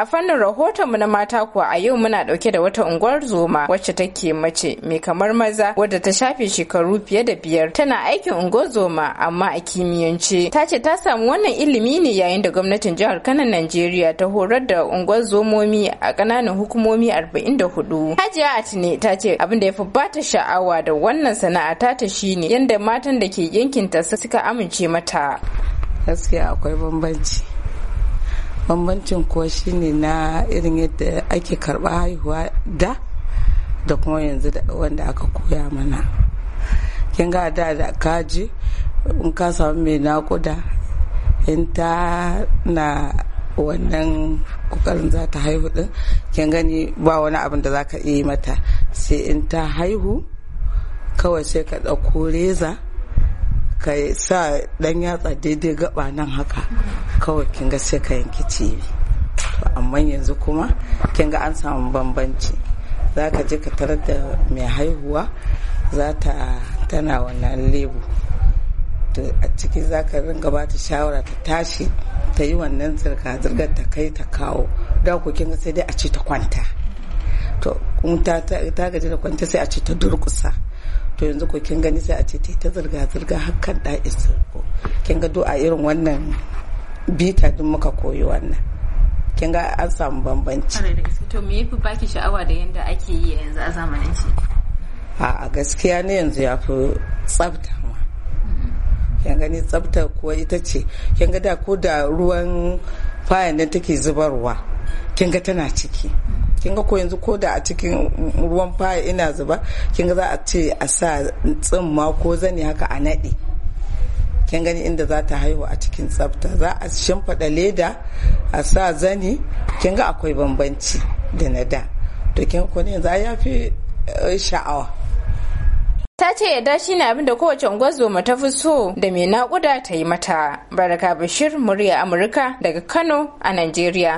A fannin rahotonmu na mata kuwa a yau muna dauke da wata unguwar zoma wacce take mace mai kamar maza wadda ta shafe shekaru fiye da biyar tana aikin unguwar zoma amma a kimiyyance. Ta ce ta samu wannan ilimi ne yayin da gwamnatin jihar Kano Najeriya ta horar da unguwar zomomi a kananan hukumomi hudu. Hajiya Atine ta ce abin da ya fi bata sha'awa da wannan sana'a ta ta shine yadda matan da ke yankinta suka amince mata. Gaskiya akwai bambanci. bambancin kuwa shine na irin yadda ake karba haihuwa da da kuma yanzu wanda aka koya mana kin ga da da kaji in ka samu mai nakuda in ta na wannan kokarin za ta haihu din kin gani ba wani abin da za ka yi mata sai in ta haihu kawai sai ka ɗauko reza ka sa ɗan yatsa daidai gaba nan haka kawai kin ga sai ka yanki cibi amma yanzu kuma kin ga an samu bambanci za ka je ka tarar da mai haihuwa za ta tana wannan lebu to a ciki za ka ringa ba ta shawara ta tashi ta yi wannan zirga-zirgar ta kai ta kawo da ku kin sai dai a ce ta kwanta to kun ta gaji da kwanta sai a ce ta durkusa to yanzu ko kin gani sai a ce ta zirga-zirga hakan da ku kin ga do a irin wannan bita duk muka koyi wannan kin ga an samu bambanci to me yafi baki sha'awa da yanda ake yi yanzu a zamanance a gaskiya ne yanzu ya fi tsafta ma kin gani tsafta kuwa ita ce kin ga da ko da ruwan fayan nan take zubarwa kin ga tana ciki kin ga ko yanzu ko da a cikin ruwan faya ina zuba kin ga za a ce a sa tsimma ko zani haka a naɗe kin gani inda za ta haihu a cikin tsafta za a shimfiɗa leda a sa zani kin ga akwai bambanci da na da to kin kuni za ya fi eh, sha'awa ta ce yadda shi ne abin da kowace ungwazoma ta fi so da mai naƙuda ta yi mata baraka bashir murya amurka daga kano a nigeria.